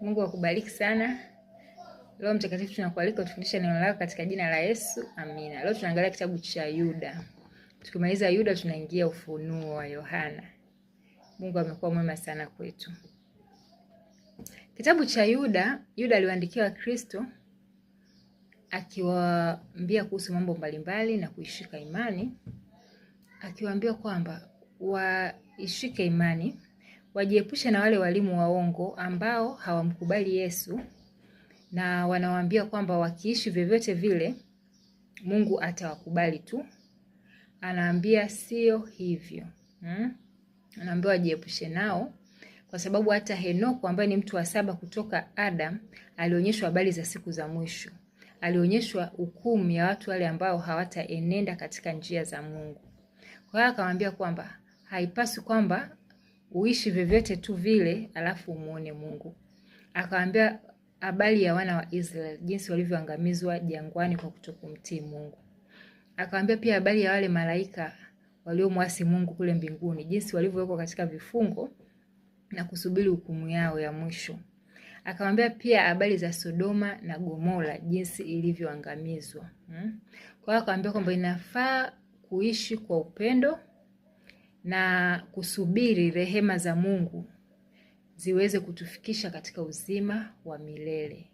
Mungu akubariki sana. Roho Mtakatifu tunakualika utufundishe neno lako katika jina la Yesu, amina. Leo tunaangalia kitabu cha Yuda. Tukimaliza Yuda, tunaingia Ufunuo wa Yohana. Mungu amekuwa mwema sana kwetu. Kitabu cha Yuda. Yuda aliwaandikia Kristo akiwaambia kuhusu mambo mbalimbali na kuishika imani, akiwaambia kwamba waishike imani wajiepushe na wale walimu waongo ambao hawamkubali Yesu na wanawaambia kwamba wakiishi vyovyote vile Mungu atawakubali tu. Anaambia sio hivyo hmm? Anaambia wajiepushe nao kwa sababu hata Henoko ambaye ni mtu wa saba kutoka Adam alionyeshwa habari za siku za mwisho, alionyeshwa hukumu ya watu wale ambao hawataenenda katika njia za Mungu. Kwa hiyo akamwambia kwamba haipaswi kwamba uishi vyovyote tu vile, alafu umuone Mungu. Akawaambia habari ya wana wa Israeli jinsi walivyoangamizwa jangwani kwa kutokumtii Mungu. Akawaambia pia habari ya wale malaika waliomwasi Mungu kule mbinguni, jinsi walivyowekwa katika vifungo na kusubiri hukumu yao ya mwisho. Akamwambia pia habari za Sodoma na Gomora, jinsi ilivyoangamizwa. Hmm? Kwa hiyo akamwambia kwamba inafaa kuishi kwa upendo na kusubiri rehema za Mungu ziweze kutufikisha katika uzima wa milele.